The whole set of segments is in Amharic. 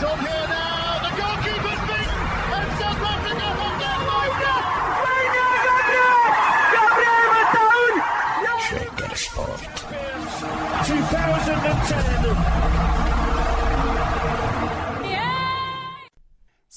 Job here now.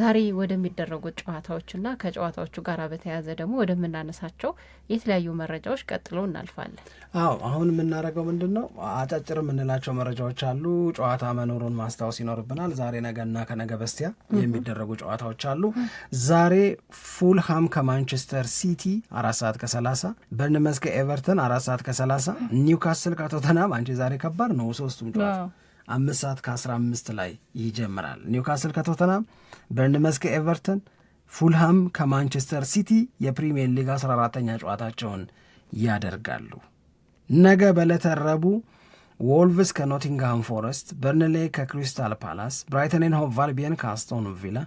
ዛሬ ወደሚደረጉት ጨዋታዎችና ከጨዋታዎቹ ጋር በተያያዘ ደግሞ ወደምናነሳቸው የተለያዩ መረጃዎች ቀጥሎ እናልፋለን። አዎ አሁን የምናደርገው ምንድን ነው? አጫጭር የምንላቸው መረጃዎች አሉ። ጨዋታ መኖሩን ማስታወስ ይኖርብናል። ዛሬ፣ ነገና ከነገ በስቲያ የሚደረጉ ጨዋታዎች አሉ። ዛሬ ፉልሃም ከማንቸስተር ሲቲ አራት ሰዓት ከሰላሳ በርንመስ ከኤቨርተን አራት ሰዓት ከሰላሳ ኒውካስል ከቶተናም አንቺ ዛሬ ከባድ ነው ሶስቱም ጨዋታ አምስት ሰዓት ከ15 ላይ ይጀምራል። ኒውካስል ከቶተናም፣ በርንመስ ከኤቨርተን፣ ፉልሃም ከማንቸስተር ሲቲ የፕሪምየር ሊግ 14ተኛ ጨዋታቸውን ያደርጋሉ። ነገ በዕለተ ረቡዕ ዎልቭስ ከኖቲንግሃም ፎረስት፣ በርንሌ ከክሪስታል ፓላስ፣ ብራይተንን ኤንድ ሆቭ አልቢየን ከአስቶን ቪላ፣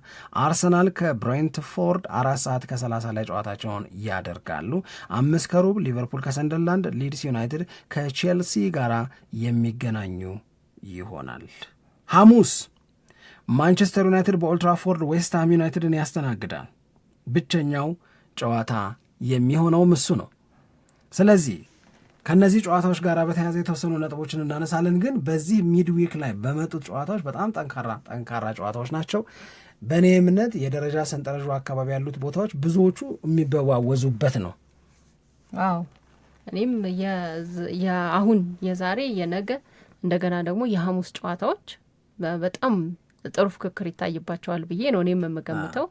አርሰናል ከብሬንትፎርድ አራት ሰዓት ከ30 ላይ ጨዋታቸውን ያደርጋሉ። አምስት ከሩብ ሊቨርፑል ከሰንደርላንድ፣ ሊድስ ዩናይትድ ከቼልሲ ጋር የሚገናኙ ይሆናል። ሐሙስ ማንቸስተር ዩናይትድ በኦልትራፎርድ ዌስትሃም ዩናይትድን ያስተናግዳል። ብቸኛው ጨዋታ የሚሆነውም እሱ ነው። ስለዚህ ከእነዚህ ጨዋታዎች ጋር በተያያዘ የተወሰኑ ነጥቦችን እናነሳለን። ግን በዚህ ሚድዊክ ላይ በመጡት ጨዋታዎች በጣም ጠንካራ ጠንካራ ጨዋታዎች ናቸው። በእኔ እምነት የደረጃ ሰንጠረዡ አካባቢ ያሉት ቦታዎች ብዙዎቹ የሚበዋወዙበት ነው። አዎ እኔም የአሁን የዛሬ የነገ እንደገና ደግሞ የሀሙስ ጨዋታዎች በጣም ጥሩ ፍክክር ይታይባቸዋል ብዬ ነው እኔም የምገምተው።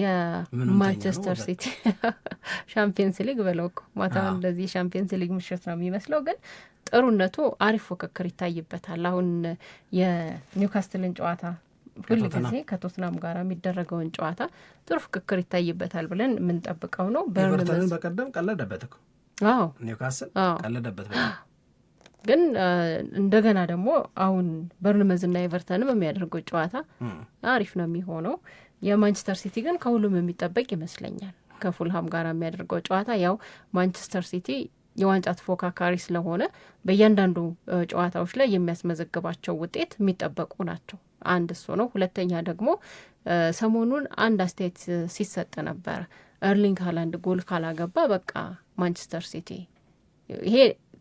የማንቸስተር ሲቲ ሻምፒየንስ ሊግ በለው እኮ ማታ እንደዚህ ሻምፒየንስ ሊግ ምሽት ነው የሚመስለው፣ ግን ጥሩነቱ አሪፍ ፉክክር ይታይበታል። አሁን የኒውካስትልን ጨዋታ ሁል ጊዜ ከቶትናም ጋር የሚደረገውን ጨዋታ ጥሩ ፉክክር ይታይበታል ብለን የምንጠብቀው ነው። በርንመዝ በቀደም ቀለደበት እኮ ኒውካስል ቀለደበት ግን እንደገና ደግሞ አሁን በርንመዝና ኤቨርተንም የሚያደርገው ጨዋታ አሪፍ ነው የሚሆነው። የማንቸስተር ሲቲ ግን ከሁሉም የሚጠበቅ ይመስለኛል። ከፉልሃም ጋር የሚያደርገው ጨዋታ ያው ማንቸስተር ሲቲ የዋንጫ ተፎካካሪ ስለሆነ በእያንዳንዱ ጨዋታዎች ላይ የሚያስመዘግባቸው ውጤት የሚጠበቁ ናቸው። አንድ እሱ ነው። ሁለተኛ ደግሞ ሰሞኑን አንድ አስተያየት ሲሰጥ ነበረ፣ ኤርሊንግ ሀላንድ ጎል ካላገባ በቃ ማንቸስተር ሲቲ ይሄ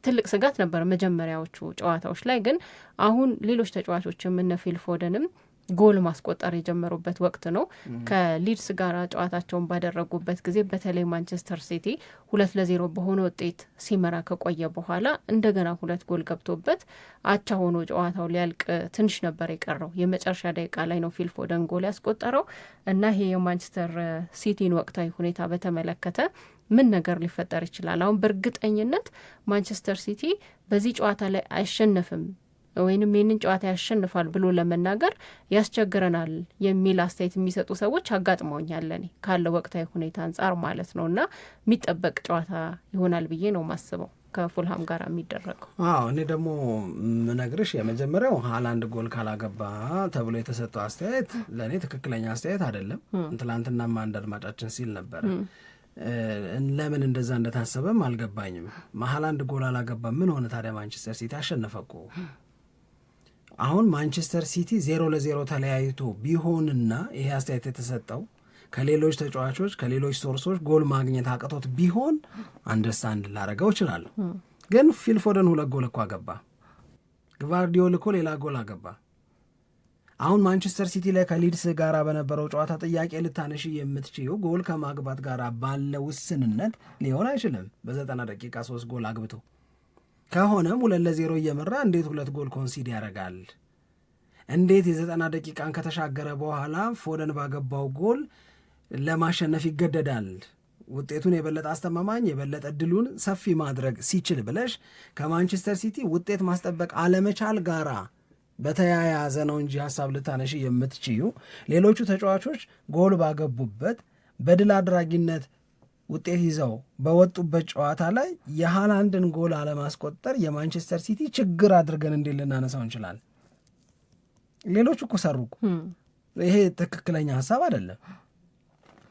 ትልቅ ስጋት ነበረ መጀመሪያዎቹ ጨዋታዎች ላይ። ግን አሁን ሌሎች ተጫዋቾችም እነ ፎደንም ጎል ማስቆጠር የጀመሩበት ወቅት ነው። ከሊድስ ጋር ጨዋታቸውን ባደረጉበት ጊዜ በተለይ ማንቸስተር ሲቲ ሁለት ለዜሮ በሆነ ውጤት ሲመራ ከቆየ በኋላ እንደገና ሁለት ጎል ገብቶበት አቻ ሆኖ ጨዋታው ሊያልቅ ትንሽ ነበር የቀረው። የመጨረሻ ደቂቃ ላይ ነው ፊልፎደን ጎል ያስቆጠረው እና ይሄ የማንቸስተር ሲቲን ወቅታዊ ሁኔታ በተመለከተ ምን ነገር ሊፈጠር ይችላል? አሁን በእርግጠኝነት ማንቸስተር ሲቲ በዚህ ጨዋታ ላይ አይሸነፍም ወይንም ይህንን ጨዋታ ያሸንፋል ብሎ ለመናገር ያስቸግረናል የሚል አስተያየት የሚሰጡ ሰዎች አጋጥመውኛል። እኔ ካለ ወቅታዊ ሁኔታ አንጻር ማለት ነው እና የሚጠበቅ ጨዋታ ይሆናል ብዬ ነው ማስበው ከፉልሃም ጋር የሚደረገው። አዎ እኔ ደግሞ ምነግርሽ የመጀመሪያው ሀላንድ ጎል ካላገባ ተብሎ የተሰጠው አስተያየት ለእኔ ትክክለኛ አስተያየት አይደለም። ትላንትና አንድ አድማጫችን ሲል ነበር ለምን እንደዛ እንደታሰበም አልገባኝም። መሀል አንድ ጎል አላገባም። ምን ሆነ ታዲያ? ማንቸስተር ሲቲ አሸነፈ እኮ። አሁን ማንቸስተር ሲቲ ዜሮ ለዜሮ ተለያይቶ ቢሆንና ይሄ አስተያየት የተሰጠው ከሌሎች ተጫዋቾች ከሌሎች ሶርሶች ጎል ማግኘት አቅቶት ቢሆን አንደርስታንድ ላረገው እችላለሁ። ግን ፊልፎደን ሁለት ጎል እኮ አገባ። ግቫርዲዮል እኮ ሌላ ጎል አገባ። አሁን ማንቸስተር ሲቲ ላይ ከሊድስ ጋር በነበረው ጨዋታ ጥያቄ ልታነሺ የምትችይው ጎል ከማግባት ጋር ባለ ውስንነት ሊሆን አይችልም። በዘጠና ደቂቃ ሶስት ጎል አግብቶ ከሆነም ሁለት ለዜሮ እየመራ እንዴት ሁለት ጎል ኮንሲድ ያደርጋል? እንዴት የዘጠና ደቂቃን ከተሻገረ በኋላ ፎደን ባገባው ጎል ለማሸነፍ ይገደዳል? ውጤቱን የበለጠ አስተማማኝ የበለጠ እድሉን ሰፊ ማድረግ ሲችል ብለሽ ከማንቸስተር ሲቲ ውጤት ማስጠበቅ አለመቻል ጋራ በተያያዘ ነው እንጂ ሀሳብ ልታነሽ የምትችዩ ሌሎቹ ተጫዋቾች ጎል ባገቡበት በድል አድራጊነት ውጤት ይዘው በወጡበት ጨዋታ ላይ የሃላንድን ጎል አለማስቆጠር የማንቸስተር ሲቲ ችግር አድርገን እንዴት ልናነሳው እንችላለን? ሌሎቹ እኮ ሰሩ ይሄ ትክክለኛ ሀሳብ አይደለም።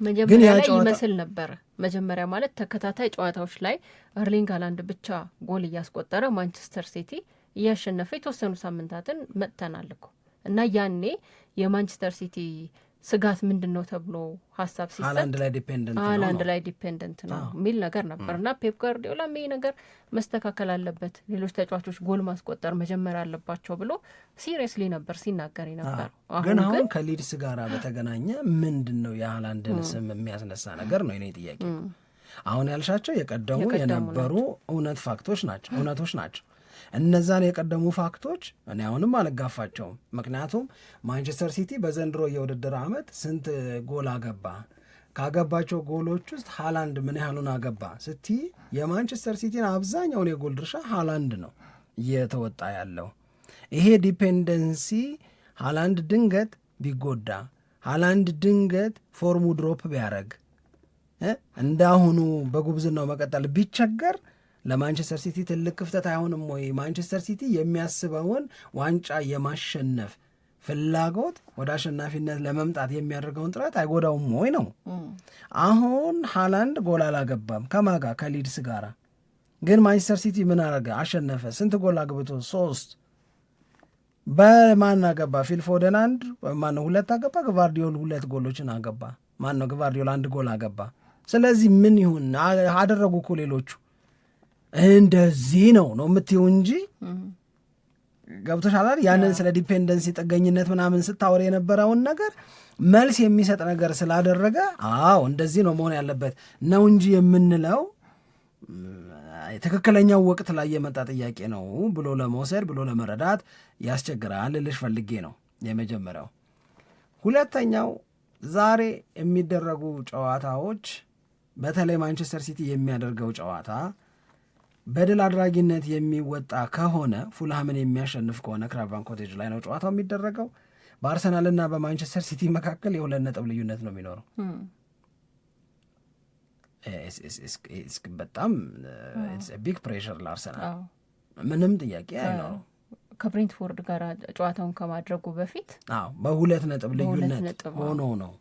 መጀመሪያ ላይ ይመስል ነበረ። መጀመሪያ ማለት ተከታታይ ጨዋታዎች ላይ እርሊንግ ሃላንድ ብቻ ጎል እያስቆጠረ ማንቸስተር ሲቲ እያሸነፈ የተወሰኑ ሳምንታትን መጥተናል እኮ እና ያኔ የማንቸስተር ሲቲ ስጋት ምንድን ነው ተብሎ ሀሳብ ሲሰጥ ሃላንድ ላይ ዲፔንደንት ነው የሚል ነገር ነበር እና ፔፕ ጋርዲዮላ ይህ ነገር መስተካከል አለበት፣ ሌሎች ተጫዋቾች ጎል ማስቆጠር መጀመር አለባቸው ብሎ ሲሪየስሊ ነበር ሲናገር ነበር። ግን አሁን ከሊድስ ጋር በተገናኘ ምንድን ነው የሃላንድን ስም የሚያስነሳ ነገር ነው የኔ ጥያቄ። አሁን ያልሻቸው የቀደሙ የነበሩ እውነት ፋክቶች ናቸው እውነቶች ናቸው እነዛን የቀደሙ ፋክቶች እኔ አሁንም አልጋፋቸውም። ምክንያቱም ማንቸስተር ሲቲ በዘንድሮ የውድድር ዓመት ስንት ጎል አገባ፣ ካገባቸው ጎሎች ውስጥ ሃላንድ ምን ያህሉን አገባ ስቲ የማንቸስተር ሲቲን አብዛኛውን የጎል ድርሻ ሃላንድ ነው እየተወጣ ያለው። ይሄ ዲፔንደንሲ ሃላንድ ድንገት ቢጎዳ ሃላንድ ድንገት ፎርሙ ድሮፕ ቢያደርግ እንዳሁኑ በጉብዝናው መቀጠል ቢቸገር ለማንቸስተር ሲቲ ትልቅ ክፍተት አይሆንም ወይ? ማንቸስተር ሲቲ የሚያስበውን ዋንጫ የማሸነፍ ፍላጎት ወደ አሸናፊነት ለመምጣት የሚያደርገውን ጥረት አይጎዳውም ወይ ነው። አሁን ሃላንድ ጎል አላገባም ከማጋ ከሊድስ ጋር ግን ማንቸስተር ሲቲ ምን አረገ? አሸነፈ። ስንት ጎል አግብቶ? ሶስት። በማን አገባ? ፊልፎደን አንድ ማነው ሁለት አገባ። ግቫርዲዮል ሁለት ጎሎችን አገባ። ማነው ግቫርዲዮል አንድ ጎል አገባ። ስለዚህ ምን ይሁን አደረጉ እኮ ሌሎቹ እንደዚህ ነው ነው የምትይው እንጂ ገብቶሻላል። ያንን ስለ ዲፔንደንሲ ጥገኝነት ምናምን ስታወር የነበረውን ነገር መልስ የሚሰጥ ነገር ስላደረገ አዎ እንደዚህ ነው መሆን ያለበት ነው እንጂ የምንለው ትክክለኛው ወቅት ላይ የመጣ ጥያቄ ነው ብሎ ለመውሰድ ብሎ ለመረዳት ያስቸግራል ልሽ ፈልጌ ነው የመጀመሪያው። ሁለተኛው ዛሬ የሚደረጉ ጨዋታዎች በተለይ ማንቸስተር ሲቲ የሚያደርገው ጨዋታ በድል አድራጊነት የሚወጣ ከሆነ ፉልሃምን የሚያሸንፍ ከሆነ ክራቫን ኮቴጅ ላይ ነው ጨዋታው የሚደረገው። በአርሰናልና በማንቸስተር ሲቲ መካከል የሁለት ነጥብ ልዩነት ነው የሚኖረው። በጣም ቢግ ፕሬሽር ለአርሰናል ምንም ጥያቄ አይኖረው። ከብሬንትፎርድ ጋር ጨዋታውን ከማድረጉ በፊት በሁለት ነጥብ ልዩነት ሆኖ ነው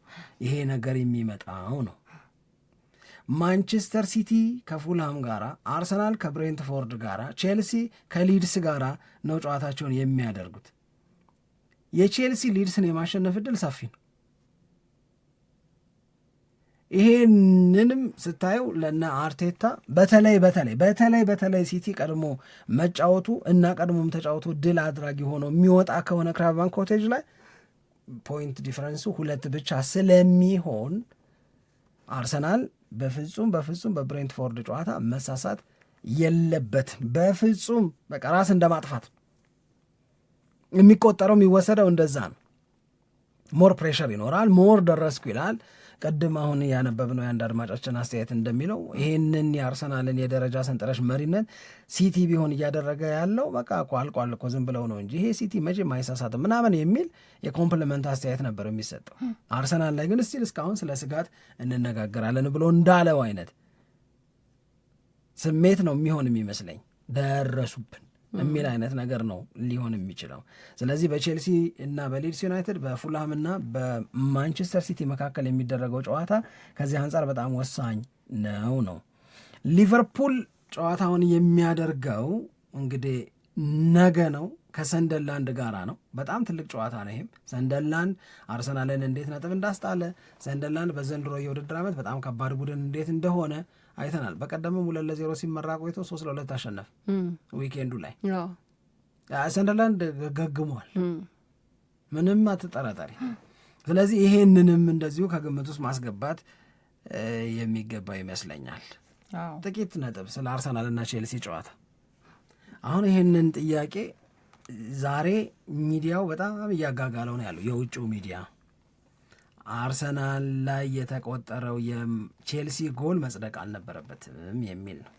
ይሄ ነገር የሚመጣው ነው ማንቸስተር ሲቲ ከፉልሃም ጋር አርሰናል ከብሬንትፎርድ ጋር ቼልሲ ከሊድስ ጋር ነው ጨዋታቸውን የሚያደርጉት። የቼልሲ ሊድስን የማሸነፍ እድል ሰፊ ነው። ይሄንንም ስታየው ለነ አርቴታ በተለይ በተለይ በተለይ በተለይ ሲቲ ቀድሞ መጫወቱ እና ቀድሞም ተጫወቱ ድል አድራጊ ሆኖ የሚወጣ ከሆነ ክራቫን ኮቴጅ ላይ ፖይንት ዲፈረንሱ ሁለት ብቻ ስለሚሆን አርሰናል በፍጹም በፍጹም በብሬንትፎርድ ጨዋታ መሳሳት የለበትም። በፍጹም በቃ ራስ እንደ ማጥፋት የሚቆጠረው የሚወሰደው እንደዛ ነው። ሞር ፕሬሸር ይኖራል፣ ሞር ደረስኩ ይላል። ቅድም አሁን ያነበብነው የአንድ አድማጫችን አስተያየት እንደሚለው ይህንን የአርሰናልን የደረጃ ሰንጠረዥ መሪነት ሲቲ ቢሆን እያደረገ ያለው በቃ እኮ አልቋል እኮ ዝም ብለው ነው እንጂ ይሄ ሲቲ መቼም አይሳሳትም ምናምን የሚል የኮምፕሊመንት አስተያየት ነበር የሚሰጠው። አርሰናል ላይ ግን ስቲል እስካሁን ስለ ስጋት እንነጋገራለን ብሎ እንዳለው አይነት ስሜት ነው የሚሆን የሚመስለኝ። ደረሱብን የሚል አይነት ነገር ነው ሊሆን የሚችለው። ስለዚህ በቼልሲ እና በሊድስ ዩናይትድ በፉልሃም እና በማንቸስተር ሲቲ መካከል የሚደረገው ጨዋታ ከዚህ አንጻር በጣም ወሳኝ ነው ነው ሊቨርፑል ጨዋታውን የሚያደርገው እንግዲህ ነገ ነው ከሰንደርላንድ ጋራ ነው። በጣም ትልቅ ጨዋታ ነው ይሄም። ሰንደርላንድ አርሰናልን እንዴት ነጥብ እንዳስጣለ፣ ሰንደርላንድ በዘንድሮ የውድድር ዓመት በጣም ከባድ ቡድን እንዴት እንደሆነ አይተናል። በቀደምም ሁለት ለዜሮ ሲመራ ቆይቶ ሶስት ለሁለት አሸነፍ ዊኬንዱ ላይ ሰንደርላንድ ገግሟል፣ ምንም አትጠራጠሪ። ስለዚህ ይሄንንም እንደዚሁ ከግምት ውስጥ ማስገባት የሚገባ ይመስለኛል። ጥቂት ነጥብ ስለ አርሰናልና ቼልሲ ጨዋታ። አሁን ይሄንን ጥያቄ ዛሬ ሚዲያው በጣም እያጋጋለው ነው ያለው የውጭው ሚዲያ አርሰናል ላይ የተቆጠረው የቼልሲ ጎል መጽደቅ አልነበረበትም የሚል ነው።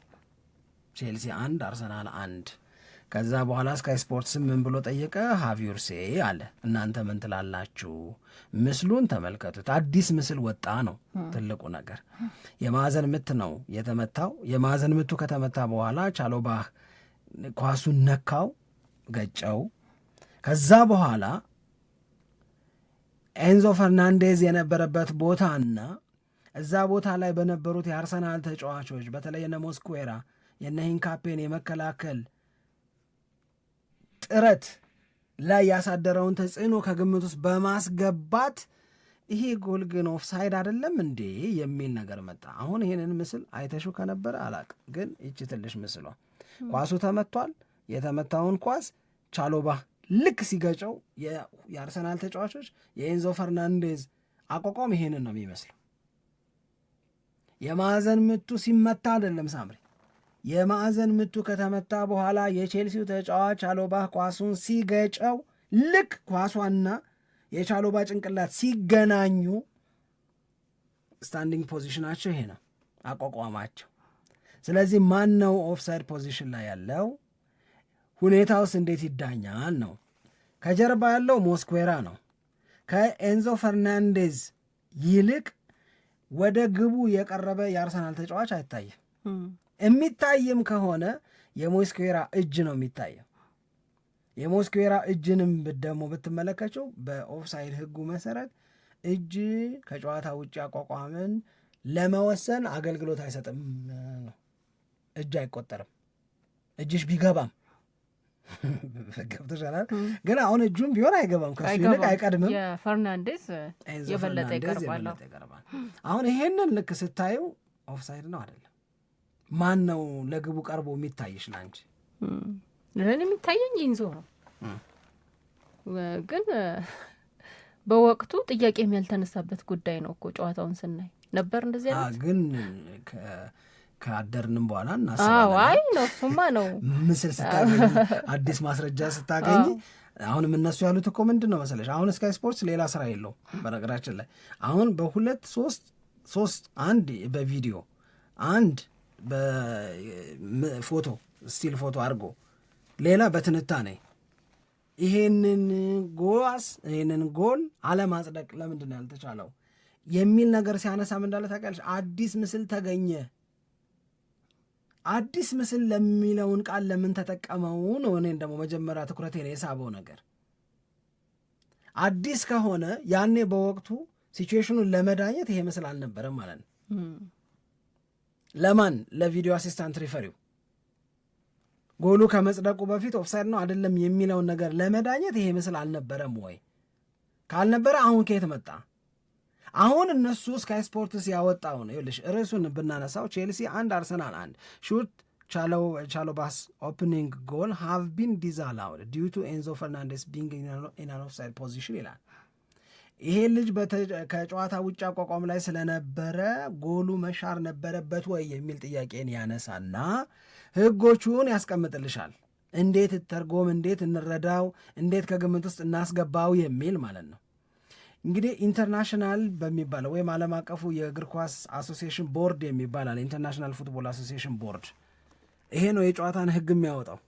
ቼልሲ አንድ አርሰናል አንድ። ከዛ በኋላ ስካይ ስፖርትስ ምን ብሎ ጠየቀ? ሃቪርሴ አለ እናንተ ምን ትላላችሁ? ምስሉን ተመልከቱት። አዲስ ምስል ወጣ ነው ትልቁ ነገር። የማዕዘን ምት ነው የተመታው። የማዕዘን ምቱ ከተመታ በኋላ ቻሎባህ ኳሱን ነካው፣ ገጨው። ከዛ በኋላ ኤንዞ ፈርናንዴዝ የነበረበት ቦታና እዛ ቦታ ላይ በነበሩት የአርሰናል ተጫዋቾች በተለይ የነ ሞስኩዌራ የነ ሂንካፔን የመከላከል ጥረት ላይ ያሳደረውን ተጽዕኖ ከግምት ውስጥ በማስገባት ይሄ ጎል ግን ኦፍሳይድ አይደለም እንዴ የሚል ነገር መጣ። አሁን ይህንን ምስል አይተሹ ከነበረ አላቅ፣ ግን ይቺ ትንሽ ምስሏ ኳሱ ተመቷል። የተመታውን ኳስ ቻሎባ ልክ ሲገጨው የአርሰናል ተጫዋቾች የኤንዞ ፈርናንዴዝ አቋቋም ይሄንን ነው የሚመስለው። የማዕዘን ምቱ ሲመታ አይደለም ሳምሪ፣ የማዕዘን ምቱ ከተመታ በኋላ የቼልሲው ተጫዋች አሎባህ ኳሱን ሲገጨው ልክ ኳሷና የቻሎባ ጭንቅላት ሲገናኙ ስታንዲንግ ፖዚሽናቸው ይሄ ነው አቋቋማቸው። ስለዚህ ማን ነው ኦፍሳይድ ፖዚሽን ላይ ያለው? ሁኔታውስ እንዴት ይዳኛል ነው። ከጀርባ ያለው ሞስኩዌራ ነው። ከኤንዞ ፈርናንዴዝ ይልቅ ወደ ግቡ የቀረበ የአርሰናል ተጫዋች አይታይም። የሚታይም ከሆነ የሞስኩዌራ እጅ ነው የሚታየው። የሞስኩዌራ እጅንም ደግሞ ብትመለከችው በኦፍሳይድ ሕጉ መሰረት እጅ ከጨዋታ ውጭ አቋቋምን ለመወሰን አገልግሎት አይሰጥም ነው። እጅ አይቆጠርም። እጅሽ ቢገባም ገብተሻላል። ግን አሁን እጁም ቢሆን አይገባም፣ ከሱ ይልቅ አይቀድምም። የፈርናንዴዝ የበለጠ ይቀርባል። አሁን ይሄንን ልክ ስታዩ ኦፍሳይድ ነው አይደለም? ማን ነው ለግቡ ቀርቦ የሚታይሽ ለአንቺ? ለእኔ የሚታየኝ ይንዞ ነው። ግን በወቅቱ ጥያቄ ያልተነሳበት ጉዳይ ነው እኮ ጨዋታውን ስናይ ነበር እንደዚህ አይነት ግን ከአደርንም በኋላ እናስባለን። ነው እሱማ ነው ምስል ስታገኝ አዲስ ማስረጃ ስታገኝ አሁንም እነሱ ያሉት እኮ ምንድን ነው መሰለሽ፣ አሁን ስካይ ስፖርትስ ሌላ ስራ የለው። በነገራችን ላይ አሁን በሁለት ሶስት ሶስት አንድ በቪዲዮ አንድ በፎቶ ስቲል ፎቶ አድርጎ ሌላ በትንታኔ ይሄንን ጎስ ይሄንን ጎል አለማጽደቅ ለምንድን ነው ያልተቻለው የሚል ነገር ሲያነሳም እንዳለ ታውቂያለሽ? አዲስ ምስል ተገኘ አዲስ ምስል ለሚለውን ቃል ለምን ተጠቀመው ነው እኔን ደግሞ መጀመሪያ ትኩረቴን የሳበው ነገር። አዲስ ከሆነ ያኔ በወቅቱ ሲቹዌሽኑን ለመዳኘት ይሄ ምስል አልነበረም ማለት ነው። ለማን ለቪዲዮ አሲስታንት ሪፈሪው ጎሉ ከመጽደቁ በፊት ኦፍሳይድ ነው አይደለም የሚለውን ነገር ለመዳኘት ይሄ ምስል አልነበረም ወይ? ካልነበረ አሁን ከየት መጣ? አሁን እነሱ ስካይ ስፖርትስ ያወጣው ነው ይኸውልሽ፣ ርዕሱን ብናነሳው ቼልሲ አንድ አርሰናል አንድ ሹት ቻሎባስ ኦፕኒንግ ጎል ሃቭ ቢን ዲዛላውድ ዲዩ ቱ ኤንዞ ፈርናንዴስ ቢንግ ኢን አን ኦፍሳይድ ፖዚሽን ይላል። ይሄ ልጅ ከጨዋታ ውጭ አቋቋም ላይ ስለነበረ ጎሉ መሻር ነበረበት ወይ የሚል ጥያቄን ያነሳና ህጎቹን ያስቀምጥልሻል። እንዴት ተርጎም፣ እንዴት እንረዳው፣ እንዴት ከግምት ውስጥ እናስገባው የሚል ማለት ነው። እንግዲህ ኢንተርናሽናል በሚባለው ወይም ዓለም አቀፉ የእግር ኳስ አሶሲሽን ቦርድ የሚባላል ኢንተርናሽናል ፉትቦል አሶሲሽን ቦርድ ይሄ ነው የጨዋታን ህግ የሚያወጣው።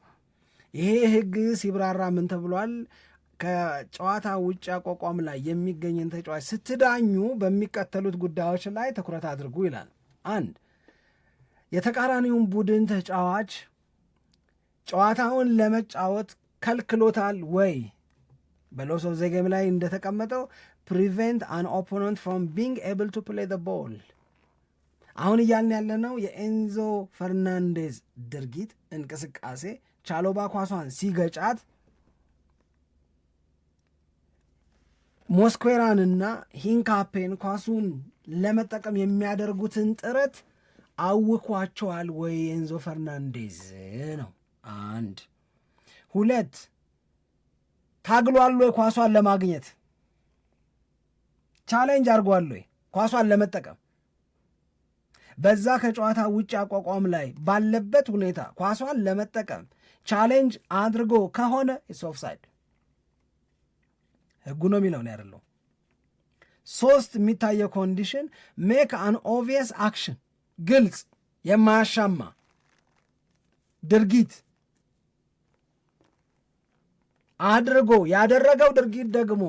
ይሄ ህግ ሲብራራ ምን ተብሏል? ከጨዋታ ውጭ አቋቋም ላይ የሚገኝን ተጫዋች ስትዳኙ በሚቀተሉት ጉዳዮች ላይ ትኩረት አድርጉ ይላል። አንድ የተቃራኒውን ቡድን ተጫዋች ጨዋታውን ለመጫወት ከልክሎታል ወይ በሎስ ኦፍ ዘ ጌም ላይ እንደተቀመጠው prevent an opponent from being able to play the ball አሁን እያልን ያለ ነው የኤንዞ ፈርናንዴዝ ድርጊት እንቅስቃሴ ቻሎባ ኳሷን ሲገጫት ሞስኩዌራንና ሂንካፔን ኳሱን ለመጠቀም የሚያደርጉትን ጥረት አውኳቸዋል ወይ ኤንዞ ፈርናንዴዝ ነው። አንድ ሁለት ታግሏል ወይ ኳሷን ለማግኘት ቻሌንጅ አድርጓል ወይ ኳሷን ለመጠቀም በዛ ከጨዋታ ውጭ አቋቋም ላይ ባለበት ሁኔታ ኳሷን ለመጠቀም ቻሌንጅ አድርጎ ከሆነ ኦፍሳይድ ህጉ ነው የሚለው ነው ያደለው። ሶስት የሚታየው ኮንዲሽን ሜክ አን ኦቪየስ አክሽን፣ ግልጽ የማያሻማ ድርጊት አድርጎ ያደረገው ድርጊት ደግሞ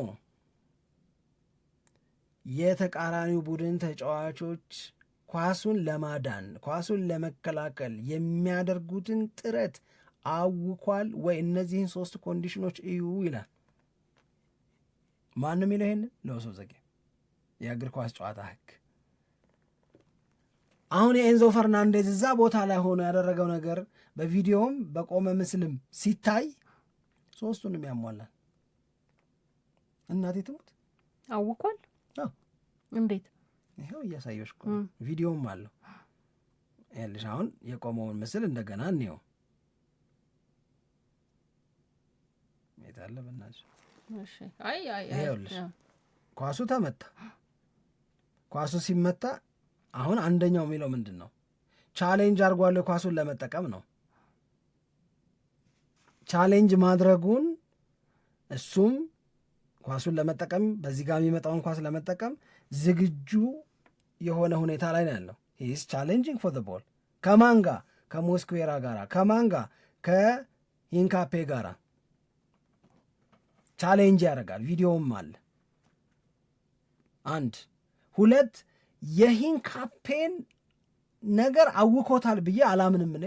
የተቃራኒው ቡድን ተጫዋቾች ኳሱን ለማዳን ኳሱን ለመከላከል የሚያደርጉትን ጥረት አውኳል ወይ? እነዚህን ሶስት ኮንዲሽኖች እዩ ይላል። ማንም ይለው ይህን ለውሶ ዘጌ የእግር ኳስ ጨዋታ ህግ። አሁን የኤንዞ ፈርናንዴዝ እዛ ቦታ ላይ ሆኖ ያደረገው ነገር በቪዲዮም በቆመ ምስልም ሲታይ ሶስቱንም ያሟላል። እናቴ ትሙት አውኳል። እንዴት? ይኸው እያሳየሽ እኮ ቪዲዮም አለው ያልሽ። አሁን የቆመውን ምስል እንደገና እንየው። አለ በእናትሽ? ይኸውልሽ ኳሱ ተመታ። ኳሱ ሲመታ አሁን አንደኛው የሚለው ምንድን ነው? ቻሌንጅ አድርጓል። ኳሱን ለመጠቀም ነው ቻሌንጅ ማድረጉን እሱም ኳሱን ለመጠቀም በዚህ ጋር የሚመጣውን ኳስ ለመጠቀም ዝግጁ የሆነ ሁኔታ ላይ ነው ያለው። ሂስ ቻሌንጂንግ ፎር ቦል ከማን ጋ? ከሞስኩዌራ ጋራ ከማን ጋ? ከሂንካፔ ጋራ ቻሌንጅ ያደርጋል። ቪዲዮም አለ። አንድ ሁለት የሂንካፔን ነገር አውኮታል ብዬ አላምንም። እኔ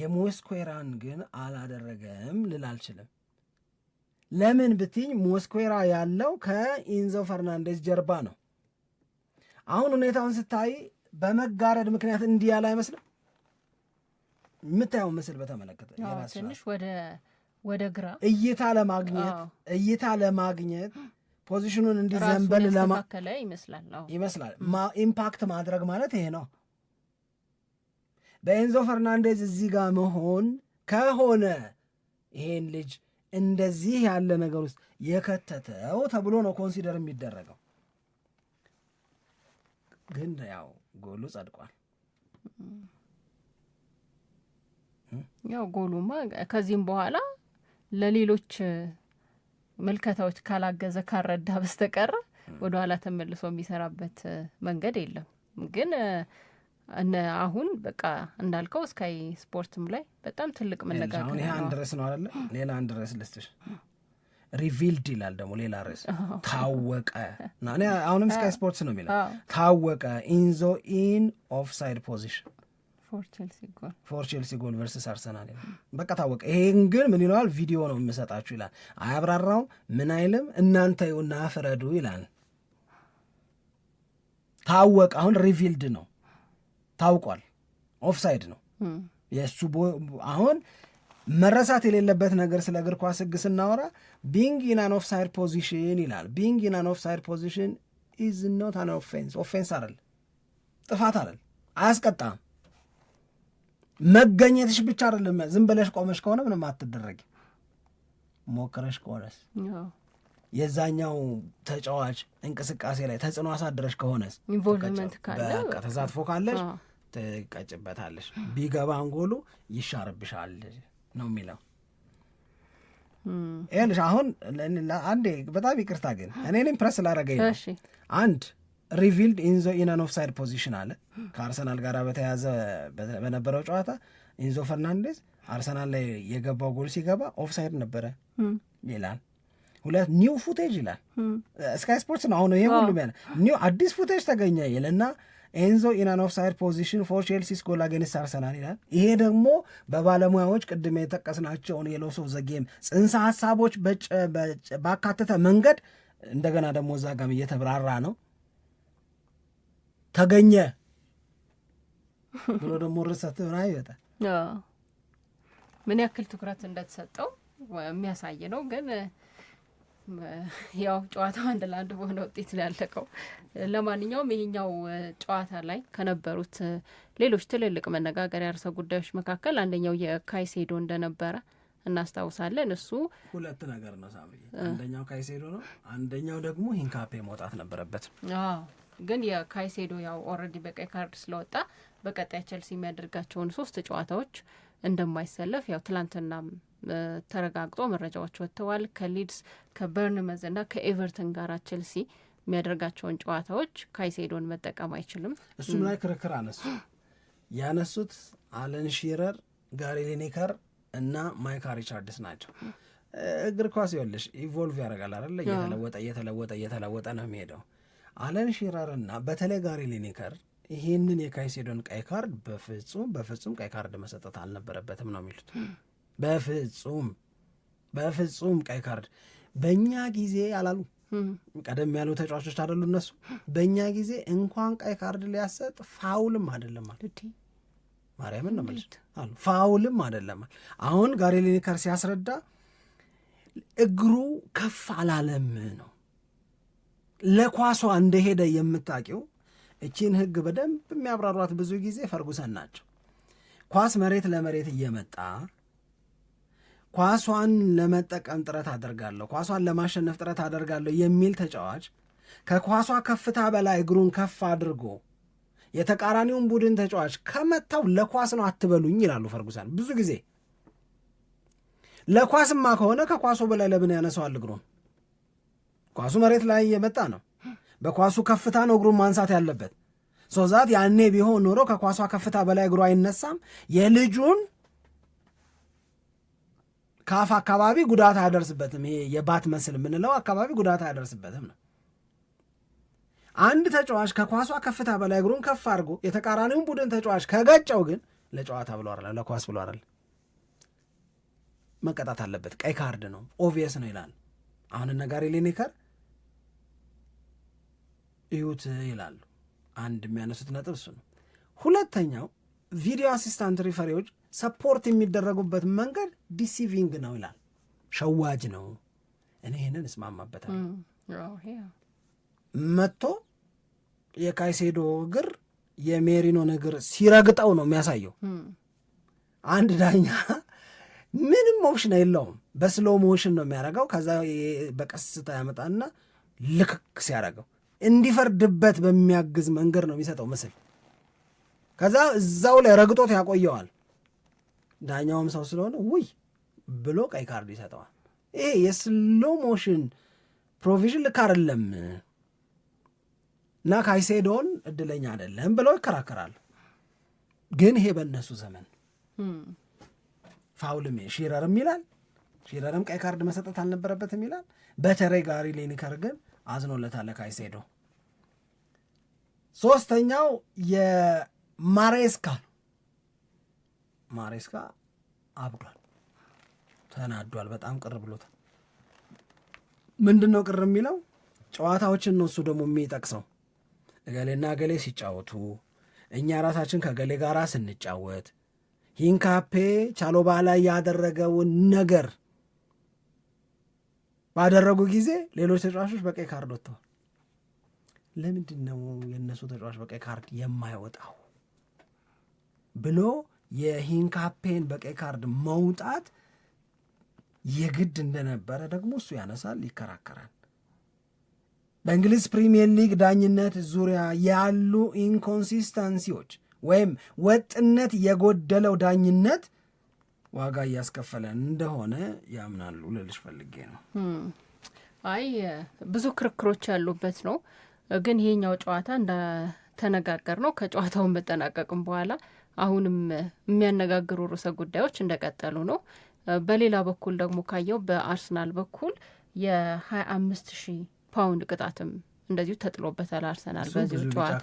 የሞስኩዌራን ግን አላደረገም ልል አልችልም። ለምን ብትኝ ሞስኩዌራ ያለው ከኢንዞ ፈርናንዴዝ ጀርባ ነው። አሁን ሁኔታውን ስታይ በመጋረድ ምክንያት እንዲህ ያለ አይመስልም። የምታየውን ምስል በተመለከተ ትንሽ ወደ ግራ እይታ ለማግኘት እይታ ለማግኘት ፖዚሽኑን እንዲዘንበል ይመስላል። ኢምፓክት ማድረግ ማለት ይሄ ነው። በኤንዞ ፈርናንዴዝ እዚህ ጋር መሆን ከሆነ ይሄን ልጅ እንደዚህ ያለ ነገር ውስጥ የከተተው ተብሎ ነው ኮንሲደር የሚደረገው። ግን ያው ጎሉ ጸድቋል። ያው ጎሉማ ከዚህም በኋላ ለሌሎች ምልከታዎች ካላገዘ ካረዳ በስተቀረ ወደኋላ ተመልሶ የሚሰራበት መንገድ የለም ግን አሁን በቃ እንዳልከው ስካይ ስፖርትም ላይ በጣም ትልቅ መነጋገር ይሄ አንድ ርዕስ ነው አለ ሌላ አንድ ርዕስ ልስትሽ ሪቪልድ ይላል ደግሞ ሌላ ርዕስ ታወቀ አሁንም ስካይ ስፖርት ነው የሚለው ታወቀ ኢንዞ ኢን ኦፍሳይድ ፖዚሽን ፎር ቼልሲ ጎል ቨርስስ አርሰናል በቃ ታወቀ ይሄን ግን ምን ይለዋል ቪዲዮ ነው የምሰጣችሁ ይላል አያብራራው ምን አይልም እናንተ ናፍረዱ ፍረዱ ይላል ታወቀ አሁን ሪቪልድ ነው ታውቋል። ኦፍሳይድ ነው የእሱ። አሁን መረሳት የሌለበት ነገር ስለ እግር ኳስ ህግ ስናወራ ቢንግ ኢናን ኦፍሳይድ ፖዚሽን ይላል። ቢንግ ኢናን ኦፍሳይድ ፖዚሽን ኢዝ ኖት አን ኦፌንስ። ኦፌንስ አይደል፣ ጥፋት አይደል፣ አያስቀጣም። መገኘትሽ ብቻ አይደለም። ዝም ብለሽ ቆመሽ ከሆነ ምንም አትደረግ። ሞክረሽ ከሆነስ የዛኛው ተጫዋች እንቅስቃሴ ላይ ተጽዕኖ አሳድረሽ ከሆነስ ኢንቮልቭመንት ካለ ተሳትፎ ካለሽ ትቀጭበታለች። ቢገባን ጎሉ ይሻርብሻል ነው የሚለው። ይኸውልሽ አሁን አንዴ በጣም ይቅርታ ግን እኔን ኢምፕረስ ስላደረገኝ አንድ ሪቪልድ ኢንዞ ኢነን ኦፍሳይድ ፖዚሽን አለ። ከአርሰናል ጋር በተያዘ በነበረው ጨዋታ ኢንዞ ፈርናንዴዝ አርሰናል ላይ የገባው ጎል ሲገባ ኦፍሳይድ ነበረ ይላል። ሁለት ኒው ፉቴጅ ይላል። ስካይ ስፖርትስ ነው አሁን ይሄ ሁሉ ያለ ኒው አዲስ ፉቴጅ ተገኘ ይልና ኤንዞ ኢን አን ኦፍሳይድ ፖዚሽን ፎር ቼልሲስ ጎል አገንስት አርሰናል ይላል። ይሄ ደግሞ በባለሙያዎች ቅድም የጠቀስናቸውን የሎሶ ዘጌም ጽንሰ ሀሳቦች ባካተተ መንገድ እንደገና ደግሞ እዛ ጋም እየተብራራ ነው። ተገኘ ብሎ ደግሞ ርሰት ሆና ይወጣል። ምን ያክል ትኩረት እንደተሰጠው የሚያሳይ ነው ግን ያው ጨዋታው አንድ ለአንድ በሆነ ውጤት ነው ያለቀው። ለማንኛውም ይሄኛው ጨዋታ ላይ ከነበሩት ሌሎች ትልልቅ መነጋገሪያ ርዕሰ ጉዳዮች መካከል አንደኛው የካይሴዶ እንደነበረ እናስታውሳለን። እሱ ሁለት ነገር ነው ሳሚ፣ አንደኛው ካይሴዶ ነው፣ አንደኛው ደግሞ ሂንካፔ መውጣት ነበረበት። ግን የካይሴዶ ያው ኦልሬዲ በቀይ ካርድ ስለወጣ በቀጣይ ቸልሲ የሚያደርጋቸውን ሶስት ጨዋታዎች እንደማይሰለፍ ያው ትላንትና ተረጋግጦ መረጃዎች ወጥተዋል። ከሊድስ ከበርንመዝ እና ከኤቨርተን ጋራ ቸልሲ የሚያደርጋቸውን ጨዋታዎች ካይሴዶን መጠቀም አይችልም። እሱም ላይ ክርክር አነሱ ያነሱት አለን ሺረር፣ ጋሪ ሊኔከር እና ማይካ ሪቻርድስ ናቸው። እግር ኳስ ይኸውልሽ ኢቮልቭ ያደርጋል አይደለ? እየተለወጠ እየተለወጠ እየተለወጠ ነው የሚሄደው። አለን ሺረር እና በተለይ ጋሪ ሊኔከር ይህንን የካይሴዶን ቀይ ካርድ በፍጹም በፍጹም ቀይ ካርድ መሰጠት አልነበረበትም ነው የሚሉት። በፍጹም በፍጹም ቀይ ካርድ በእኛ ጊዜ አላሉ ቀደም ያሉ ተጫዋቾች አደሉ እነሱ። በእኛ ጊዜ እንኳን ቀይ ካርድ ሊያሰጥ ፋውልም አይደለም ማለት ማርያምን ነው አሉ ፋውልም አይደለም። አሁን ጋሪ ሊኒከር ሲያስረዳ እግሩ ከፍ አላለም ነው ለኳሷ እንደሄደ የምታውቂው። እቺን ህግ በደንብ የሚያብራሯት ብዙ ጊዜ ፈርጉሰን ናቸው። ኳስ መሬት ለመሬት እየመጣ ኳሷን ለመጠቀም ጥረት አደርጋለሁ፣ ኳሷን ለማሸነፍ ጥረት አደርጋለሁ የሚል ተጫዋች ከኳሷ ከፍታ በላይ እግሩን ከፍ አድርጎ የተቃራኒውን ቡድን ተጫዋች ከመታው ለኳስ ነው አትበሉኝ ይላሉ ፈርጉሰን ብዙ ጊዜ። ለኳስማ ከሆነ ከኳሱ በላይ ለምን ያነሰዋል እግሩን? ኳሱ መሬት ላይ የመጣ ነው። በኳሱ ከፍታ ነው እግሩን ማንሳት ያለበት። ሶዛት ያኔ ቢሆን ኖሮ ከኳሷ ከፍታ በላይ እግሩ አይነሳም የልጁን ካፍ አካባቢ ጉዳት አያደርስበትም። ይሄ የባት መስል የምንለው አካባቢ ጉዳት አያደርስበትም ነው። አንድ ተጫዋች ከኳሷ ከፍታ በላይ እግሩን ከፍ አድርጎ የተቃራኒውን ቡድን ተጫዋች ከገጨው ግን ለጨዋታ ብሎ አለ ለኳስ ብሎ አለ መቀጣት አለበት። ቀይ ካርድ ነው፣ ኦቪየስ ነው ይላል። አሁን እነ ጋሪ እዩት ይላሉ። አንድ የሚያነሱት ነጥብ እሱ ነው። ሁለተኛው ቪዲዮ አሲስታንት ሪፈሪዎች ሰፖርት የሚደረጉበት መንገድ ዲሲቪንግ ነው ይላል፣ ሸዋጅ ነው። እኔ ይህንን እስማማበታል። መጥቶ የካይሴዶ እግር የሜሪኖን እግር ሲረግጠው ነው የሚያሳየው። አንድ ዳኛ ምንም ኦፕሽን የለውም። በስሎ ሞሽን ነው የሚያደርገው። ከዛ በቀስታ ያመጣና ልክክ ሲያደርገው እንዲፈርድበት በሚያግዝ መንገድ ነው የሚሰጠው ምስል። ከዛ እዛው ላይ ረግጦት ያቆየዋል። ዳኛውም ሰው ስለሆነ ውይ ብሎ ቀይ ካርድ ይሰጠዋል። ይሄ የስሎ ሞሽን ፕሮቪዥን ልክ አይደለም እና ካይሴዶን እድለኛ አይደለም ብለው ይከራከራሉ። ግን ይሄ በእነሱ ዘመን ፋውልም ሺረርም ይላል ሺረርም ቀይ ካርድ መሰጠት አልነበረበትም ይላል። በተለይ ጋሪ ሊኒከር ግን አዝኖለታል ካይሴዶ። ሶስተኛው የማሬስካ ማሬስካ አብዷል፣ ተናዷል። በጣም ቅር ብሎታል። ምንድን ነው ቅር የሚለው? ጨዋታዎችን ነው እሱ ደግሞ የሚጠቅሰው እገሌና እገሌ ሲጫወቱ እኛ ራሳችን ከገሌ ጋር ስንጫወት ሂንካፔ ቻሎባ ላይ ያደረገውን ነገር ባደረጉ ጊዜ ሌሎች ተጫዋቾች በቀይ ካርድ ወጥተዋል። ለምንድን ነው የእነሱ ተጫዋች በቀይ ካርድ የማይወጣው ብሎ የሂንካፔን በቀይ ካርድ መውጣት የግድ እንደነበረ ደግሞ እሱ ያነሳል፣ ይከራከራል። በእንግሊዝ ፕሪምየር ሊግ ዳኝነት ዙሪያ ያሉ ኢንኮንሲስተንሲዎች ወይም ወጥነት የጎደለው ዳኝነት ዋጋ እያስከፈለ እንደሆነ ያምናሉ ልልሽ ፈልጌ ነው። አይ ብዙ ክርክሮች ያሉበት ነው። ግን ይሄኛው ጨዋታ እንደተነጋገር ነው ከጨዋታውን መጠናቀቅም በኋላ አሁንም የሚያነጋግሩ ርዕሰ ጉዳዮች እንደቀጠሉ ነው። በሌላ በኩል ደግሞ ካየው በአርሰናል በኩል ሀያ አምስት ሺ ፓውንድ ቅጣትም እንደዚሁ ተጥሎበታል። አርሰናል በዚሁ ጨዋታ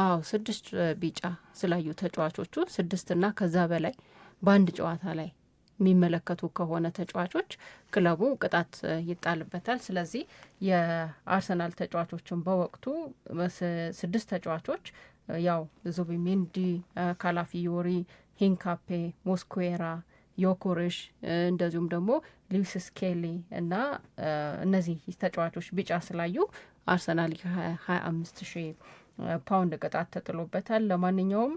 አዎ ስድስት ቢጫ ስላዩ ተጫዋቾቹ ስድስትና ከዛ በላይ በአንድ ጨዋታ ላይ የሚመለከቱ ከሆነ ተጫዋቾች ክለቡ ቅጣት ይጣልበታል። ስለዚህ የአርሰናል ተጫዋቾችን በወቅቱ ስድስት ተጫዋቾች Uh, ያው ዙቢሜንዲ፣ uh, ካላፊዮሪ፣ ሂንካፔ፣ ሞስኩዌራ፣ ዮኮርሽ uh, እንደዚሁም ደግሞ ሊዊስ ስኬሊ እና እነዚህ ተጫዋቾች ቢጫ ስላዩ አርሰናል ሀያ አምስት ሺ ፓውንድ ቅጣት ተጥሎበታል። ለማንኛውም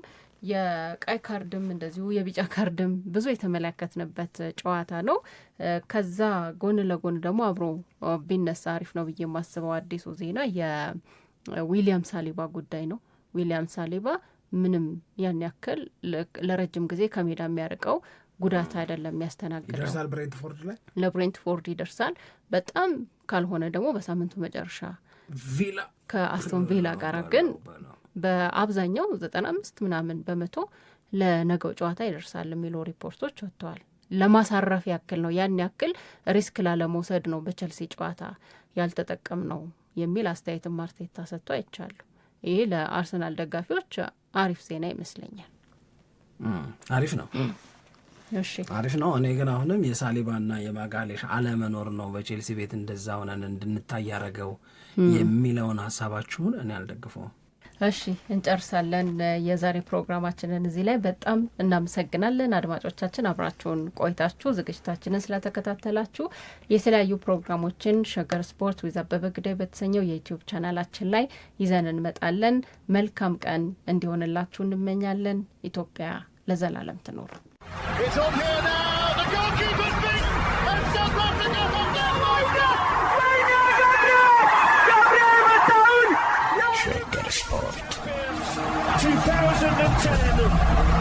የቀይ ካርድም እንደዚሁ የቢጫ ካርድም ብዙ የተመለከትንበት ጨዋታ ነው። ከዛ ጎን ለጎን ደግሞ አብሮ ቢነሳ አሪፍ ነው ብዬ የማስበው አዲሱ ዜና የዊሊያም ሳሊባ ጉዳይ ነው። ዊሊያም ሳሊባ ምንም ያን ያክል ለረጅም ጊዜ ከሜዳ የሚያርቀው ጉዳት አይደለም የሚያስተናግደው። ፎርድ ብሬንትፎርድ ላይ ለብሬንትፎርድ ይደርሳል። በጣም ካልሆነ ደግሞ በሳምንቱ መጨረሻ ቪላ ከአስቶን ቪላ ጋር ግን በአብዛኛው ዘጠና አምስት ምናምን በመቶ ለነገው ጨዋታ ይደርሳል የሚሉ ሪፖርቶች ወጥተዋል። ለማሳረፍ ያክል ነው ያን ያክል ሪስክ ላለመውሰድ ነው በቸልሲ ጨዋታ ያልተጠቀም ነው የሚል አስተያየትም አርቴታ ሰጥቶ አይቻሉ። ይሄ ለአርሰናል ደጋፊዎች አሪፍ ዜና ይመስለኛል። አሪፍ ነው አሪፍ ነው። እኔ ግን አሁንም የሳሊባና የማጋሌሽ አለመኖር ነው በቼልሲ ቤት እንደዛ ሆነን እንድንታይ ያደረገው የሚለውን ሀሳባችሁን እኔ አልደግፈውም። እሺ እንጨርሳለን። የዛሬ ፕሮግራማችንን እዚህ ላይ በጣም እናመሰግናለን። አድማጮቻችን አብራችሁን ቆይታችሁ ዝግጅታችንን ስለተከታተላችሁ የተለያዩ ፕሮግራሞችን ሸገር ስፖርት ዊዝ አበበ በተሰኘው የዩትዩብ ቻናላችን ላይ ይዘን እንመጣለን። መልካም ቀን እንዲሆንላችሁ እንመኛለን። ኢትዮጵያ ለዘላለም ትኖር። 2010.